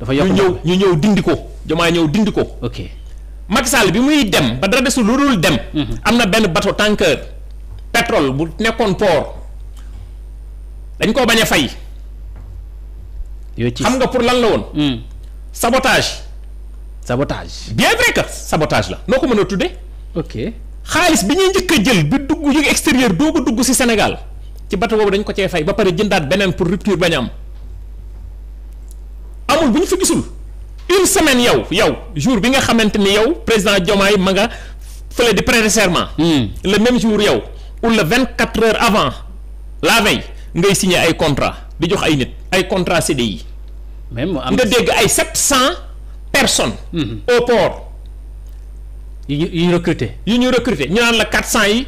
dafa yokk ñu ñëw ñu ñëw dindi ko jomaay ñëw dindi ko. ok Macky Sall bi muy dem ba dara desul lu dul dem. Mhm. am na benn bateau tanker pétrole bu nekkoon port dañ koo bañ a fay. xam nga pour lan la woon. Hmm. sabotage. sabotage bien vrai que sabotage la noo ko mën a tuddee. ok xaalis bi ñuy njëkk a jël bi dugg yu extérieur doo ko dugg ci Sénégal ci bateau boobu dañ ko cee fay ba pare jëndaat beneen pour rupture bañam amul bu ñu fi gisul une semaine yow yow jour bi nga xamante ni yow président Diomaye ma nga fële di prêter serment. Hmm. le même jour yow ou le vingt quatre heures avant la veille ngay signer ay contrat di jox ay nit ay contrat CDI. même am nga dégg ay sept cent personnes. Hmm. au port. yu yu yu ñu recruter ñu naan la quatre cent yi.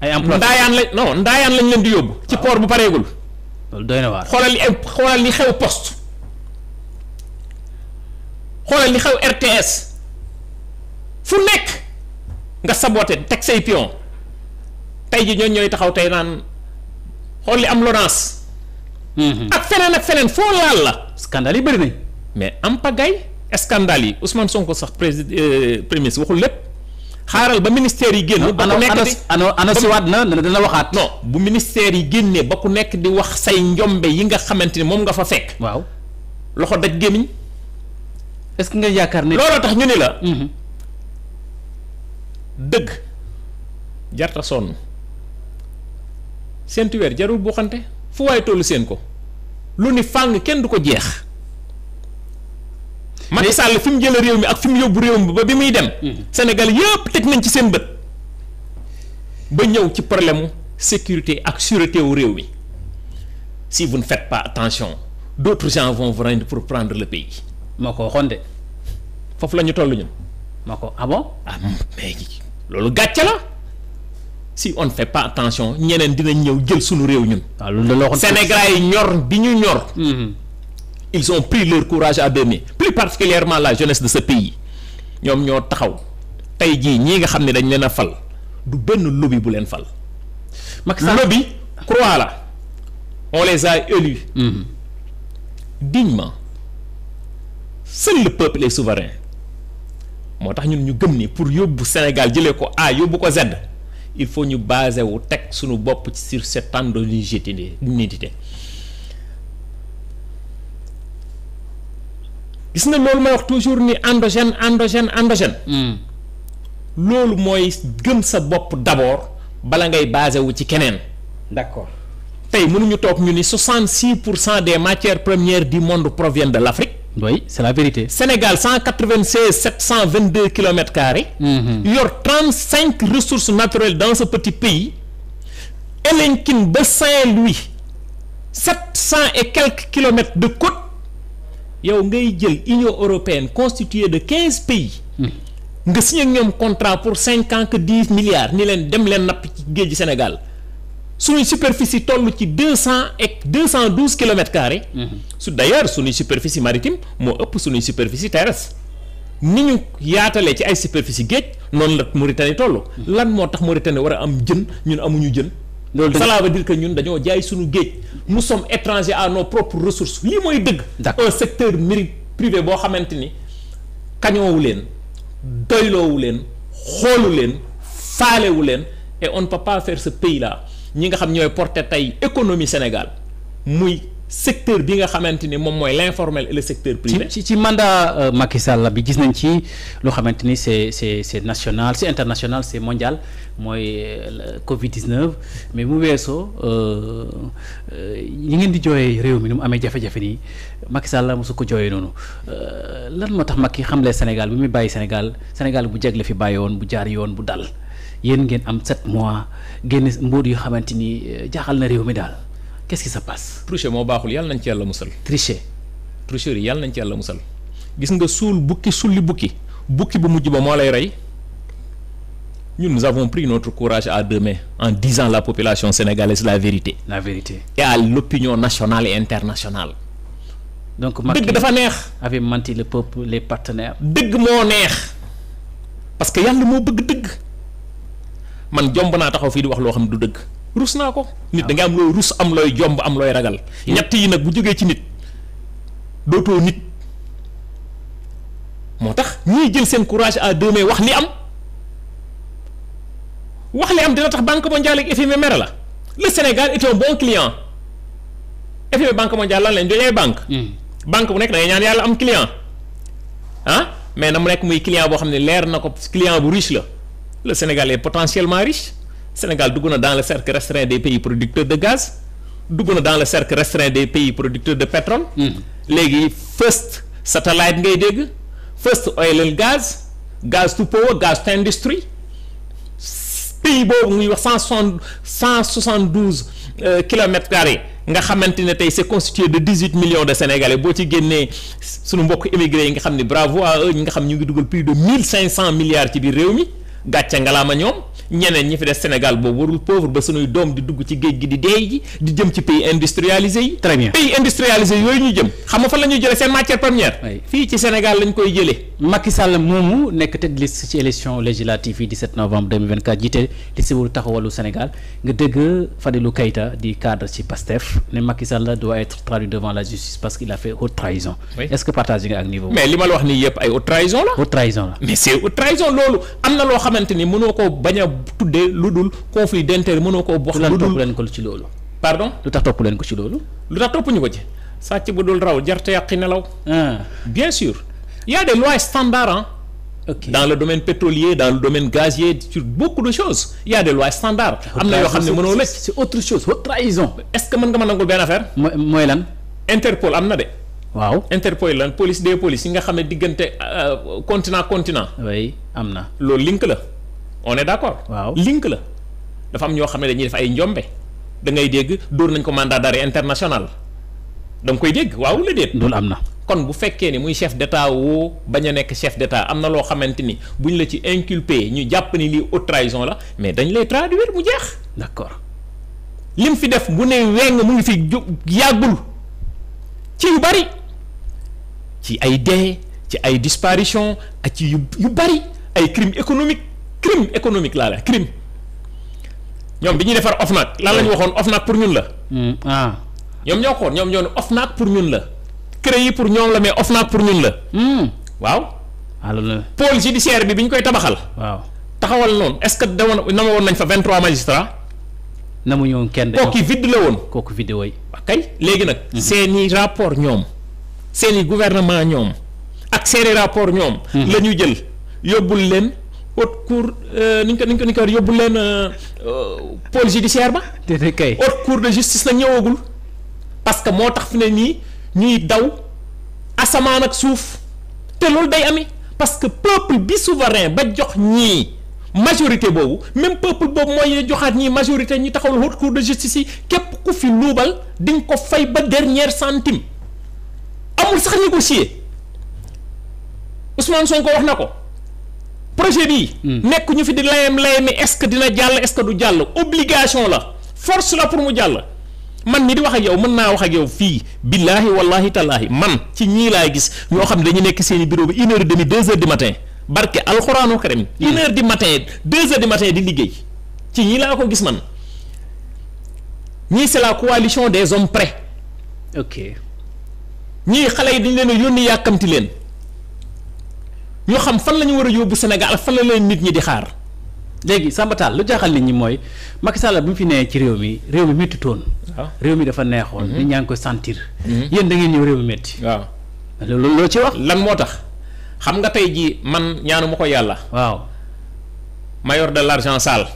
ay emploi ndaayaan la non ndaayaan lañ leen di yóbbu. ci port bu pareegul. xoolal li ay xoolal li xew poste. xoolal li xew RTS fu nekk nga saboté teg say pion tey ji ñooñu ñooy taxaw tey naan xool li am Laurence. Mm-hmm. ak feneen ak feneen foo laal la. scandale yi bëri nañ. mais am pagay scandale yi Ousmane Sonko sax président euh, premier ministre waxul lépp xaaral ba ministère yi génn. ba ku nekk di ano ano na dana waxaat. non bu ministère yi génnee ba nekk di wax say njombe yi nga xamante ni moom nga fa fekk. waaw loxo daj gémmiñ est que nga yaakaar ni loolu tax ñu ni la. Mhm. dëgg jarta sonn seen tuweer jarul buuxante fu waaye tollu seen ko lu ni fànn kenn du ko jeex. Macky Sall fi mu jëlee réew mi ak fi mu yóbbu réew mi ba bi muy dem. Mhm. Sénégal yëpp teg nañ ci seen bët. ba ñëw ci problème sécurité ak sûreté wu réew mi si vous ne faites pas attention d'autres gens vont vous rendre pour prendre le pays. moo ko waxoon de. foofu la ñu toll ñun. moo ko ah ah mais loolu gàcce la si on ne fait pas attention ñeneen dinañ ñëw jël suñu réew ñun. waaw ah, loolu la yi ñor bi ñu ñor. Mm-hmm. ils son pris leur courage à deux mains plus particulièrement la jeunesse de ce pays ñoom ñoo taxaw tey jii ñii nga xam ne dañ leen a fal du benn lobby bu leen fal. Macky Sall lobby croix la on les a élus. Mm-hmm. dignement seul le peuple est souverain moo tax ñun ñu gëm ni pour yóbbu Sénégal jëlee ko A yóbbu ko Z il faut ñu basé wu teg suñu bopp sur cette endogénéité gis na loolu may toujours ni endogène endogène endogène hmm. loolu mooy gëm sa bopp d'abord bala ngay basé wu ci keneen d'accord tey mënuñu toog ñu ni 66 pour cent des matières premières du monde proviennent de l'Afrique oui c'est la Sénégal cent quatre vingt seize sept cent vingt deux kilomètres carrés. Mm-hmm. yor trente cinq ressources naturelles dans ce petit pays. Elenkin ba Saint-Louis sept cent et quelques kilomètres de côte yow ngay jël Union européenne constituée de quinze pays. Mm-hmm. nga signé ak ñoom contrat pour cinq ans que milliards ni leen dem leen napp ci géej Sénégal. suñuy superficie toll ci deux cent et deux cent douze kilomètres carrés. Mm-hmm. su d' ailleurs suñuy superficie maritime moo ëpp suñuy superficie terrestre ni ñu yaatalee ci ay superficie géej noonu la Mauritanie toll. Mm-hmm. lan moo tax Mauritanie war a am jën ñun amuñu jën. loolu cela veut que ñun dañoo jaay suñu géej. mu sommes étrangers à nos propres ressources lii mooy dëgg. un secteur mérite privé boo xamante ni kañoowu leen doyloowu leen xoolu leen faalewu leen et on ne peut pas faire ce pays là. ñi nga xam ñooy porter tey économie Sénégal muy secteur bi nga xamante ni moom mooy l'informel et le secteur privé. ci ci mandat euh, Macky Sall bi gis nañ ci loo xamante ni c'est c'est c'est national c'est international c'est mondial mooy euh, Covid 19 mais mu weesoo ñi euh, ngeen di jooyee réew mi nu mu amee jafe-jafe nii Macky Sall mosu ko jooyee noonu lan moo tax Macky xamle Sénégal bi muy bàyyi Sénégal Sénégal bu jeg la fi bàyyi woon bu jaar yoon bu dal. yéen ngeen am sept mois génn mbóot yu xamante ni euh, jaaxal na réew mi daal qu'est-ce qui se passe. tricher moo baaxul yàlla nañ ci yàlla musal. tricher. tricheurs yi yàlla nañ ci yàlla musal. gis nga suul bukki sulli bukki bukki bu mujj ba moo lay rey ñun nous avons pris notre courage à deux mains en disant à la population sénégalaise la vérité. la vérité et à l'opinion nationale et internationale. donc Macky dëgg dafa neex. avait menti le peuple les partenaires. dëgg moo neex parce que yàlla moo bëgg dëgg. man jomb naa taxaw fii di wax loo xam ne du dëgg rus naa ko nit da am looy rus am looy jomb am looy ragal hmm. ñett yi nag bu jógee ci nit dootoo nit moo tax ñuy jël seen courage à deux mains wax li am wax li am dina tax banque mondiale ak FMI mere la le Sénégal est un bon banque mondiale lan lañ banque hmm. banque bu nekk da ñaan yàlla am client ah mais na mu nekk muy client boo xam ne leer na ko client bu riche la le Sénégal est potentiellement riche Sénégal dugg na dans le cercle restreint des pays producteurs de gaz dugg na dans le cercle restreint des pays producteurs de pétrole. Mm. léegi first satellite ngay dégg first oil gaz gaz to power gaz to industry pays boobu ñuy wax cent soixante cent soixante douze euh, kilomètres carrés nga xamante ne tey c'est constitué de dix huit millions de sénégalais boo ci génnee sunu mbokk émigré yi nga xam ne bravo ñi nga xam ñu ngi dugal plus de mille cent milliards ci biir réew mi. gàcce a ñoom ñeneen ñi fi des Sénégal boobu warul pauvre ba sunuy doom di dugg ci géej gi di dee ji di jëm ci pays industrialisé yi. très bien pays yooyu ñu jëm xam nga fan seen matière première. fii ci Sénégal lañ koy jëlee. Macky moomu nekk tête de ci élection législative yi novembre 2024 jiite liste bu taxawalu Sénégal nga dëgg Fadilou Keita di cadre ci PASTEF ne Macky Sall doit être traduit devant la justice parce a que xamante ni mënoo ko bañ a tuddee lu dul conflit d'intérêt mënoo koo wax. lu dul topp leen ko ci loolu. pardon lu tax topp leen ko ci loolu. lu tax toppuñu ko ci sàcc bu dul raw jarte yàqi nelaw. Ah. bien sûr il y a des lois standards hein. dans le domaine pétrolier dans le domaine gazier sur beaucoup de choses il y a des lois standards. am na yoo xam ne mënoo lëcc c'est autre chose haute trahison. est-ce mën nga mën a nangul benn affaire. mooy lan. Interpol am na de. waaw Interpol lan police des polices yi nga xam ne diggante euh, continent continent. am na. loolu link la on est d'accord. waaw link la dafa am ñoo xam ne dañuy def ay njombe da ngay dégg dóor nañ ko mandat d'arrêt international da koy dégg waaw la déet. loolu am na. kon bu fekkee ni muy chef d'état woo bañ a nekk chef d'état am na loo xamante ni buñ la ci inculpé ñu jàpp ni lii haute trahison la mais dañ lay traduire mu jeex. d'accord lim fi def bu ne weng mu ngi fi yàggul ci ci ay dee ci ay disparition ak ci yu yu bari ay crime économique crime économique laa la crime ñoom bi ñuy defar OFNAC lan la ñu waxoon OFNAC pour ñun la. Hmm, ah ñoom ñoo ñoom ñoo ne pour ñun la. CREI yi pour ñoom la mais OFNAC pour ñun la. Hmm. waaw. alors ah, pôle judiciaire bi bi ñu koy tabaxal. waaw taxawal noonu est-ce que dama nama woon nañ fa 23 na namuñu woon kenn de kooku vide la woon. kooku vide waay. kay léegi nag. Hmm. seeni rapport ñoom. seen i gouvernement ñoom ak seen rapport ñoom hmm. la ñu jël yóbbul leen haute cour euh, ni ñu ko ni ñu ko ni ko yóbbul leen euh, euh, pôle judiciaire ba kay haute cour de justice na ñëwagul parce que moo tax fi ne nii ñuy daw asamaan ak suuf te loolu day amee parce que peuple bi souverain ba jox ñii majorité boobu même peuple boobu mooy joxaat ñii majorité ñu taxawal haute cour de justice yi képp ku fi luubal di ko fay ba dernier sentime amul sax négocier Ousmane ko wax na ko projet bi hmm. nekk ñu fi di layam layami est-ce que dina jàll est-ce du jàll obligation la force la pour mu jàll. man mi di wax ak yow mën naa wax a yow fii billaahi wallaahi tallaahi man ci ñii laay gis ñoo xam ne dañu nekk seeni bureau bi une heure et demie deux heures du matin barke alxuraanu karim hmm. une heure du matin deux heures du matin di liggéey ci ñii laa ko gis man ñii c'est la coalition des hommes prêts. ñii xale yi dañ leen a yónni yàkkamti leen ñoo xam fan la ñu war a yóbbu Sénégal fan la leen nit ñi di xaar. léegi Samba lu jaaxal nit ñi mooy Macky Sall bu mu fi nee ci réew mi réew mi métti toon waaw réew mi dafa neexoon. Mhm. ñaa ngi koy sentir. Mhm. yéen da ngeen ñëw réew mi loolu loo ci wax. lan moo tax xam nga tey jii man ñaanu ma ko yàlla. waaw mayor de l'argent sale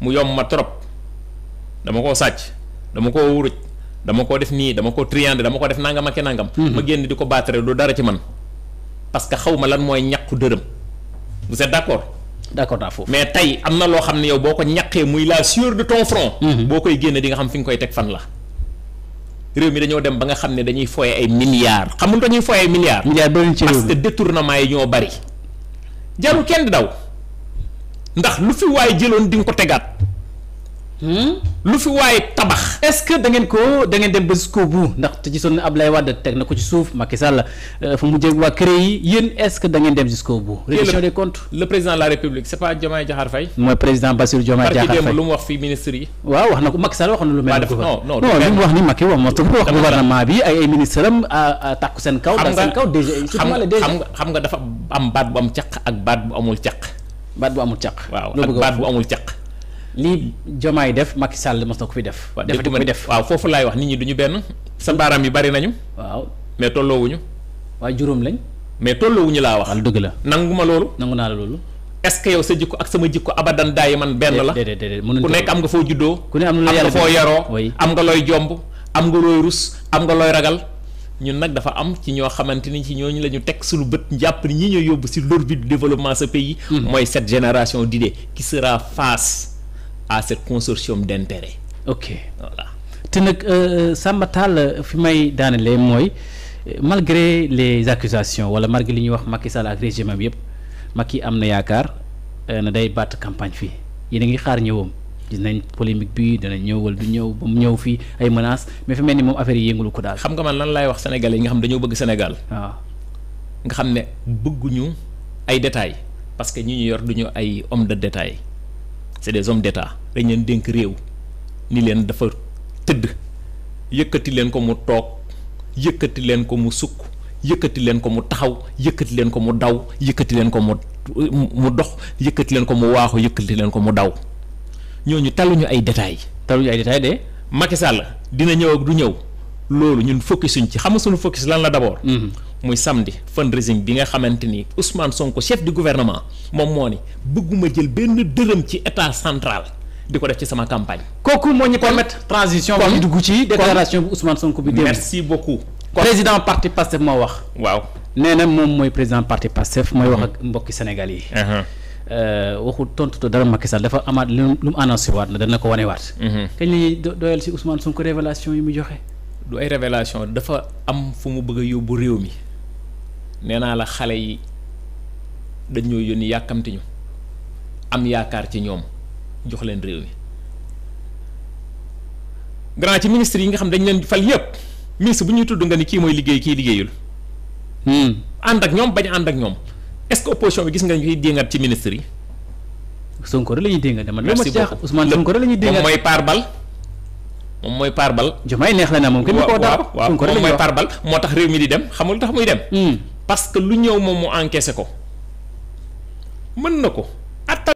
mu yomb ma trop dama koo sàcc dama koo wuruj dama ko def nii dama ko triandé dama ko def nangam ak nangam. Mhm. ma génn di ko baatare du dara ci man. parce xaw ma lan mooy ñàkku dërëm. vous êtes d' accord. d' accord naa foofu mais tey am na loo xam ne yow boo ko ñàqee muy la sueur de ton front. Mhm. boo koy génne di nga xam fi nga koy teg fan la. réew mi dañoo dem ba nga xam ne dañuy foyee ay milliards xam nga dañuy foyee ay milliards. milliards doon ci parce que détournement yi ñoo bari. jarul kenn di daw. ndax lu fi waaye jëloon di nga ko tegaat. Hmm? lu fi waaye tabax. est-ce que da ngeen ko da ngeen dem ba jusqu'au bout ndax te soon na Ablaye Wade teg na ko ci suuf Macky Sall euh, fa mu jég waa CREI yi yéen est-ce que da ngeen dem jusqu'au bout. réduction des président de la république c'est pas Diomaye Diakhar Faye. mooy président Bassirou Diomaye Diakhar Faye lu mu wax fii ministre yi. waaw wax na ko Macky Sall wax na lu mel. non non non bi ay ay am tàkku seen nga seen kaw xam nga dafa baat bu am caq ak baat bu amul caq. baat bu amul caq. waaw ak baat amul caq lii Jomaay def Macky Sall mos na ko fi def. defati ko fi def waaw foofu laay wax nit ñi duñu benn sa baaraam yi bari nañu. waaw mais tolloowuñu. waaw juróom lañ. mais tolloowuñu laa wax. dëgg la nangu loolu. nangu naa la loolu. est-ce que yow sa jikko ak sama jikko abadan daay man benn la ku nekk am nga foo juddoo ku ne am nga foo yaroo am nga looy jomb am nga looy rus am nga looy ragal ñun nag dafa am ci ñoo xamante ni ci ñooñu la ñu teg suñu bët njàpp ni ñi ñoo yóbbu si l'orbite du développement ce pays hmm. mooy cette génération d'idées qui sera face à ce consortium d' intérêt. ok voilà te nag euh, Samba Tall fi may daanelee mooy malgré les accusations wala malgré li ñuy wax Macky Sall ak régime am yëpp Macky am na yaakaar euh, na day baat campagne fii yéen a ngi xaar ñëwam gis nañ polémique bi dana ñëw wala du ñëw ba mu ñëw fii ay menaces mais fi mel ni moom affaire yi yëngalu ko daal. xam nga man lan laay wax sénégalais yi nga xam dañoo bëgg Sénégal. waaw ah. nga xam ne bëgguñu ay détails parce que ñi ñu yor duñu ay homme de détail c'est des hommes d'État dañ leen dénk réew ni leen dafa tëdd yëkkati leen ko mu toog yëkkati leen ko mu sukk yëkkati leen ko mu taxaw yëkkati leen ko mu daw yëkkati leen ko mu mu dox yëkkati leen ko mu waaxu yëkkati leen ko mu daw ñooñu taluñu ay détails taluñu ay détails de Macky la dina ñëw ak du ñëw loolu ñun focus suñ ci xam nga suñu focus lan la d'abord. Mm-hmm. muy samedi fundraising bi nga xamante ni Ousmane Sonko chef du gouvernement moom moo ni bëgguma jël benn dërëm ci état central di ko def ci sama campagne. kooku moo ñu permettre transition. bi ñu dugg ci déclaration bu Ousmane Sonko bi. dee merci beaucoup. président parti Pastef moo wax. waaw nee na moom mooy président parti Pastef mooy wax ak mhm. mbokki Sénégal yi. Uh-huh. Euh, waxul tontu dara Macky Sall dafa amaat lu mu annoncé waat la dana ko wane waat mhm. la ñuy doyal si Ousmane Sonko révélation yi mu joxe. du ay dafa am fu mu bëgg a yóbbu réew mi. nee naa la xale yi dañoo yónni yàkkamti ñu am yaakaar ci ñoom jox leen réew mi grand ci ministre yi nga xam dañ leen fal yépp ministre bu ñuy tudd nga ni kii mooy liggéey kii liggéeyul. Hmm. ànd ak ñoom bañ ànd ak ñoom est-ce que opposition bi gis nga ñuy déngat ci ministre yi. Sonko la ñuy déngat man. merci beaucoup Ousmane Sonko la ñuy déngat moom mooy Paarbal. moom mooy Paarbal. Diomaye neex la na moom kenn ko daaw. waaw waaw moom mooy Paarbal moo tax réew mi di dem xamul tax muy dem. Hmm. parce que lu ñëw moom mu encaissé ko mën na ko.